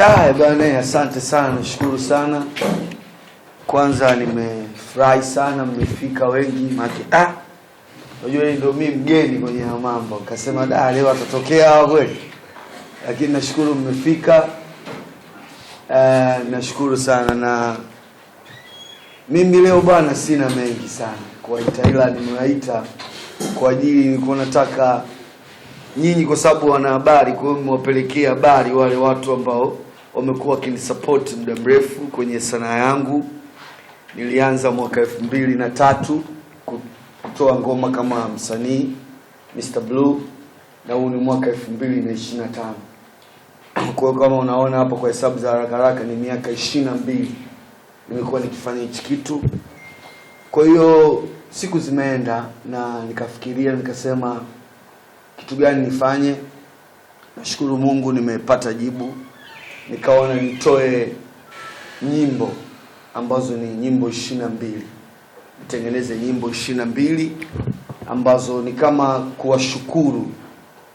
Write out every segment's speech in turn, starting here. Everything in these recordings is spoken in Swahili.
Daya bwana, asante sana, nashukuru sana. Kwanza nimefurahi sana mmefika wengi maki. Ah, unajua hii ndio mimi mgeni kwenye mambo, kasema da, leo atatokea hapo kweli, lakini nashukuru mmefika. Uh, nashukuru sana na mimi leo bwana, sina mengi sana kuwaita, ila nimewaita kwa ajili nilikuwa nataka nyinyi, kwa sababu wana habari, kwa hiyo mmewapelekea habari wale watu ambao wamekuwa wakinisupport muda mrefu kwenye sanaa yangu. Nilianza mwaka elfu mbili na tatu kutoa ngoma kama msanii Mr Blue, na huu ni mwaka elfu mbili na ishiri na tano. kwao kama unaona hapo kwa hesabu za haraka haraka ni miaka ishirini na mbili nimekuwa nikifanya hichi kitu. Kwa hiyo siku zimeenda na nikafikiria, nikasema kitu gani nifanye. Nashukuru Mungu nimepata jibu nikaona nitoe nyimbo ambazo ni nyimbo ishirini na mbili nitengeneze nyimbo ishirini na mbili ambazo ni kama kuwashukuru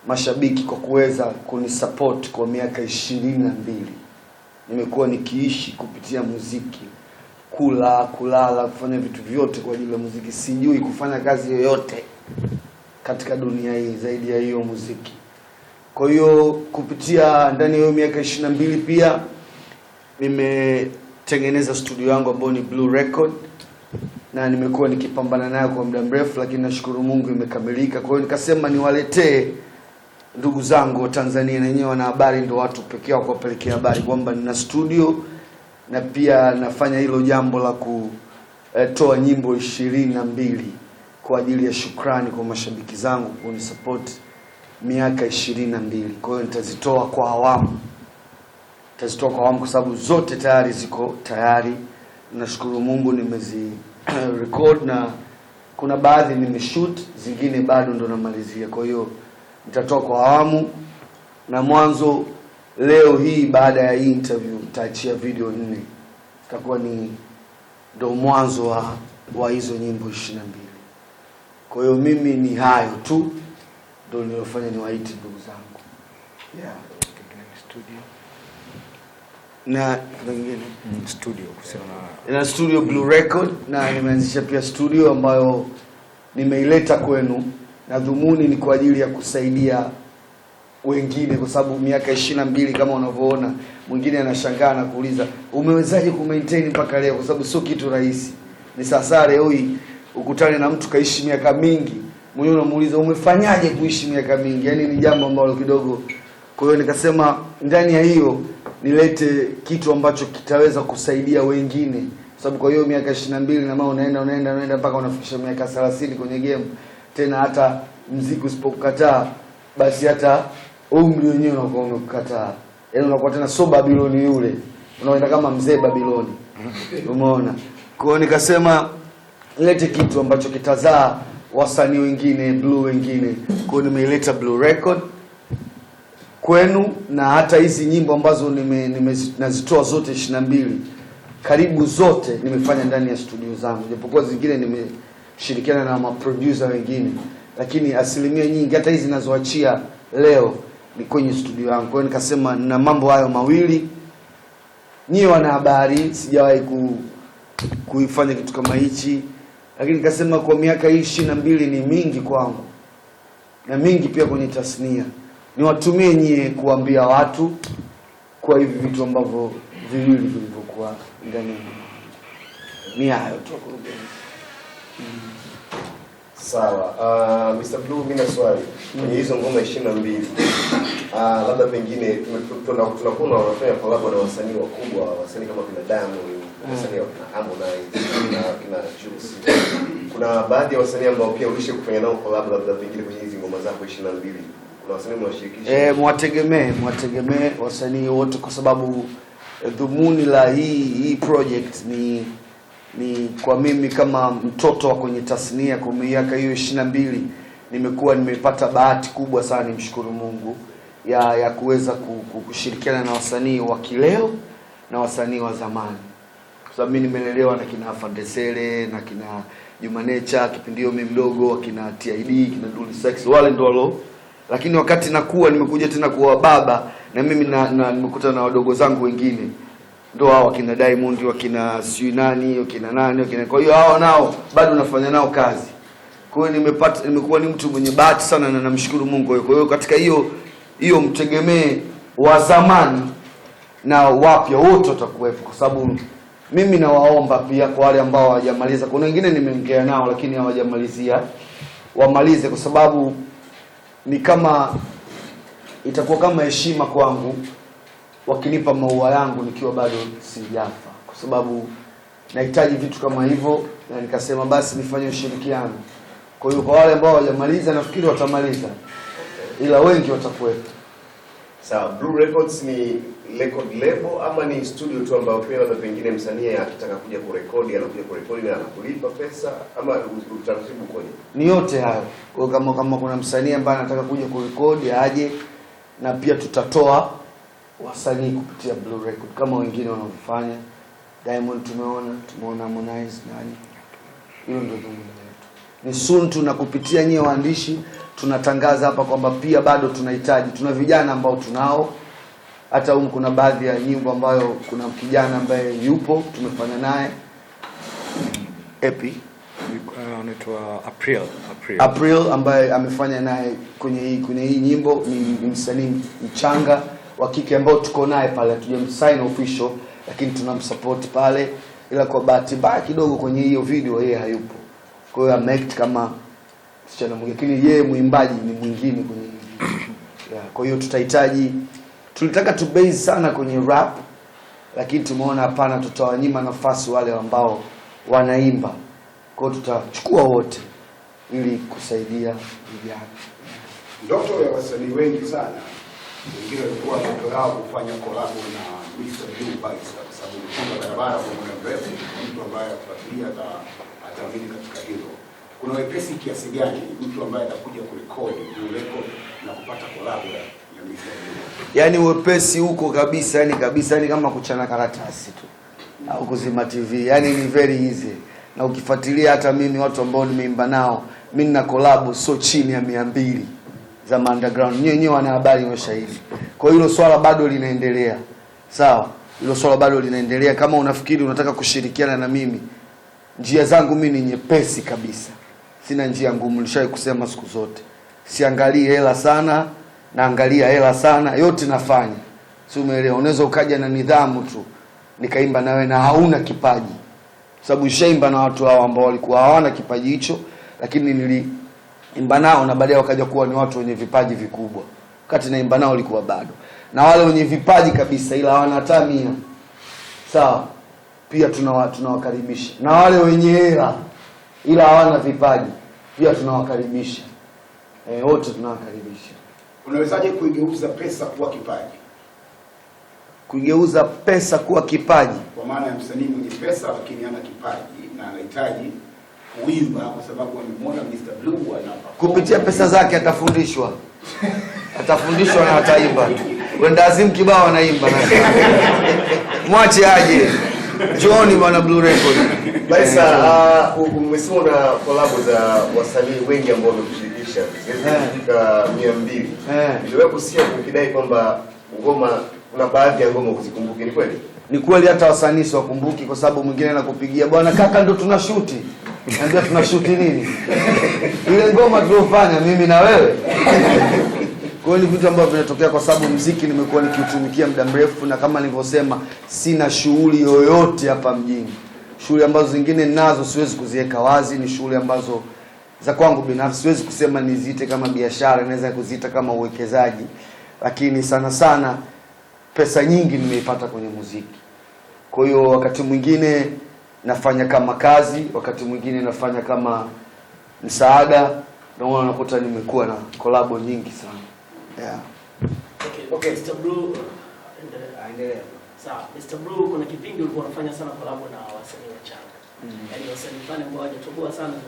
mashabiki kwa kuweza kunisupport kwa miaka ishirini na mbili nimekuwa nikiishi kupitia muziki, kula, kulala, kufanya vitu vyote kwa ajili ya muziki. Sijui kufanya kazi yoyote katika dunia hii zaidi ya hiyo muziki. Kwa hiyo kupitia ndani ya hiyo miaka ishirini na mbili pia nimetengeneza studio yangu ambayo ni Blue Record na nimekuwa nikipambana nayo kwa muda mrefu, lakini nashukuru Mungu imekamilika. Kwa hiyo nikasema niwaletee ndugu zangu wa Tanzania, na wenyewe wana habari ndio watu pekee wa kuwapelekea habari kwamba nina studio na pia nafanya hilo jambo la kutoa nyimbo ishirini na mbili kwa ajili ya shukrani kwa mashabiki zangu kunisupport miaka ishirini na mbili. Kwa hiyo nitazitoa kwa awamu, nitazitoa kwa awamu kwa sababu zote tayari ziko tayari. Nashukuru Mungu nimezi record na kuna baadhi nimeshoot, zingine bado ndo namalizia. Kwa hiyo nitatoa kwa awamu, na mwanzo leo hii baada ya hii interview nitaachia video nne, itakuwa ni ndo mwanzo wa, wa hizo nyimbo ishirini na mbili. Kwa hiyo mimi ni hayo tu ndio niliofanya ni waiti ndugu zangu studio na studio kusema na studio Blue Record na nimeanzisha pia studio ambayo nimeileta kwenu na dhumuni ni kwa ajili ya kusaidia wengine kwa sababu miaka ishirini na mbili kama unavyoona, mwingine anashangaa na kuuliza umewezaje ku maintain mpaka leo, kwa sababu sio kitu rahisi. Ni sasa leo hii ukutane na mtu kaishi miaka mingi mwenye unamuuliza umefanyaje kuishi miaka mingi, yaani ni jambo ambalo kidogo. Kwa hiyo nikasema ndani ya hiyo nilete kitu ambacho kitaweza kusaidia wengine, kwa sababu kwa hiyo miaka 22 na mama unaenda unaenda unaenda mpaka unafikisha miaka 30 kwenye game tena, hata mziki usipokukataa basi hata umri wenyewe unakuwa umekukataa, yaani unakuwa tena so Babiloni yule unaenda kama mzee Babiloni, umeona. Kwa hiyo nikasema nilete kitu ambacho kitazaa wasanii wengine blue wengine. kwao, nimeileta Blue Record kwenu na hata hizi nyimbo ambazo nime, nime nazitoa zote 22 mbili karibu zote nimefanya ndani ya studio zangu, japokuwa zingine nimeshirikiana na maproducer wengine, lakini asilimia nyingi hata hizi nazoachia leo ni kwenye studio yangu. Kwa hiyo nikasema na mambo hayo mawili, nyie wanahabari, sijawahi ku, kuifanya kitu kama hichi lakini nikasema kwa miaka hii ishirini na mbili ni mingi kwangu na mingi pia kwenye tasnia, niwatumie nyie kuambia watu kwa hivi vitu ambavyo viwili vilivyokuwa ndani ya ni hayo tu Sawa. Uh, ah, Mr. Blue, mimi na swali kwenye hizo ngoma ishirini na mbili Uh, labda pengine tunakuwa wanafanya collab na wasanii wakubwa, wasanii kama kina Diamond, mm. wasanii kina Harmonize na kina Juice. Kuna baadhi ya wasanii ambao pia ulishe kufanya nao collab, labda pengine kwenye hizi ngoma zako 22 kuna wasanii mwashirikishi? Eh, mwategemee mwategemee wasanii wote, kwa sababu eh, dhumuni la hii hii project ni ni kwa mimi kama mtoto wa kwenye tasnia kwa miaka hiyo 22 nimekuwa nimepata bahati kubwa sana, nimshukuru Mungu ya ya kuweza kushirikiana na wasanii wa kileo na wasanii wa zamani, kwa sababu mimi nimelelewa na kina Fandesele na kina Juma Jumanecha kipindi hiyo mimi mdogo, kina TID kina Dully Sykes wale ndio walo. Lakini wakati nakuwa nimekuja tena kuwa baba na mimi na, na nimekuta na wadogo zangu wengine ndio hao wakina Diamond wakina sijui nani wakina nani wakina, kwa hiyo hao nao bado nafanya nao kazi. Kwa hiyo nimepata, nimekuwa ni mtu mwenye bahati sana na namshukuru Mungu. Kwa hiyo katika hiyo hiyo mtegemee wa zamani na wapya wote watakuwepo, kwa sababu mimi nawaomba pia kwa wale ambao hawajamaliza. Kuna wengine nimeongea nao lakini hawajamalizia, wamalize, kwa sababu ni kama itakuwa kama heshima kwangu wakinipa maua yangu nikiwa bado sijafa, kwa sababu nahitaji vitu kama hivyo, na nikasema basi nifanye ushirikiano. Kwa hiyo kwa wale ambao hawajamaliza, nafikiri watamaliza ila wengi watakuwepo. Sawa, Blue Records ni record label ama ni studio tu ambayo pia labda pengine msanii akitaka kuja kurekodi anakuja kurekodi na anakulipa pesa ama utaratibu ukoje? Ni yote hayo. Kwa kama kama kuna msanii ambaye anataka kuja kurekodi aje, na pia tutatoa wasanii kupitia Blue Record kama wengine wanavyofanya. Diamond tumeona, tumeona Harmonize nani. Hiyo ndio dhumuni ni suntu, na kupitia nyie waandishi tunatangaza hapa kwamba pia bado tunahitaji, tuna vijana ambao tunao hata humu. Kuna baadhi ya nyimbo ambayo kuna kijana ambaye yupo tumefanya naye epi Uh, April, April. April ambaye amefanya naye kwenye hii kwenye hii nyimbo ni msanii mchanga wa kike ambao tuko naye pale, hatujamsign official, lakini tunamsupport pale, ila kwa bahati mbaya kidogo kwenye hiyo video yeye hayupo. Kwa hiyo am kama msichana mwingine, lakini yeye mwimbaji ni mwingine kwenye yeah. Kwa hiyo tutahitaji, tulitaka tu base sana kwenye rap, lakini tumeona hapana, tutawanyima nafasi wale ambao wanaimba. Kwa hiyo tutachukua wote ili kusaidia vijana. Ndoto ya wasanii wengi sana wengine walikuwa ndoto yao kufanya kolabo na Mr. Blue Bikes kwa sababu kuna barabara kwa muda mrefu. Mtu ambaye atafuatilia ataamini katika hilo. Kuna wepesi kiasi gani mtu ambaye atakuja kurekodi record na kupata kolabo ya Mr. Yaani wepesi huko kabisa, yani kabisa, yani kama kuchana karatasi tu au kuzima TV, yani ni very easy na ukifuatilia hata mimi watu ambao nimeimba nao mimi nina kolabo sio chini ya mia mbili za underground. Nyewe nyewe wana habari wa shahidi. Kwa hiyo hilo swala bado linaendelea. Sawa? Hilo swala bado linaendelea. Kama unafikiri unataka kushirikiana na mimi, njia zangu mimi ni nyepesi kabisa. Sina njia ngumu, nishai kusema siku zote. Siangalie hela sana, naangalia hela sana, yote nafanya. Si umeelewa? Unaweza ukaja na nidhamu tu nikaimba nawe na hauna kipaji, sababu ishaimba na watu hao ambao walikuwa hawana kipaji hicho, lakini nili imba nao na baadaye wakaja kuwa ni watu wenye vipaji vikubwa. Wakati na imba nao likuwa bado, na wale wenye vipaji kabisa, ila hawana tamia sawa. Pia tunawa, tunawakaribisha na wale wenye hela ila hawana vipaji pia tunawakaribisha e, wote tunawakaribisha. Unawezaje kuigeuza pesa kuwa kipaji? Kuigeuza pesa kuwa kipaji, kwa maana ya msanii mwenye pesa lakini hana kipaji na anahitaji kuimba kwa sababu amemwona Mr. Blue anapa. Kupitia pesa zake atafundishwa, atafundishwa na ataimba. Wenda Azim kibao anaimba na mwache aje Jioni bwana Blue Record. Baisa, ah, uh, umesema na kolabo za wasanii wengi ambao wamekushirikisha zilizofika eh. 200. Eh. Niliwahi kusikia ukidai kwamba ngoma kuna baadhi ya ngoma uzikumbuke, ni kweli? Ni kweli, hata wasanii siwakumbuki kwa sababu mwingine anakupigia bwana kaka, ndo tunashuti Niambia tunashuti nini? Ile ngoma tuliofanya mimi na wewe. Kwa hiyo ni vitu ambavyo vinatokea kwa sababu mziki nimekuwa nikiutumikia muda mrefu, na kama nilivyosema, sina shughuli yoyote hapa mjini. Shughuli ambazo zingine nazo siwezi kuziweka wazi, ni shughuli ambazo za kwangu binafsi, siwezi kusema niziite kama biashara, naweza kuziita kama uwekezaji, lakini sana sana pesa nyingi nimeipata kwenye muziki. Kwa hiyo wakati mwingine nafanya kama kazi, wakati mwingine nafanya kama msaada. Ndio maana nakuta nimekuwa na kolabo nyingi sana yeah. Okay, okay, Mr. Blue aendelea. Sawa, Mr. Blue, kuna kipindi ulikuwa unafanya sana kolabo na wasanii wachanga, mm. yaani wasanii fulani ambao hawajatoboa sana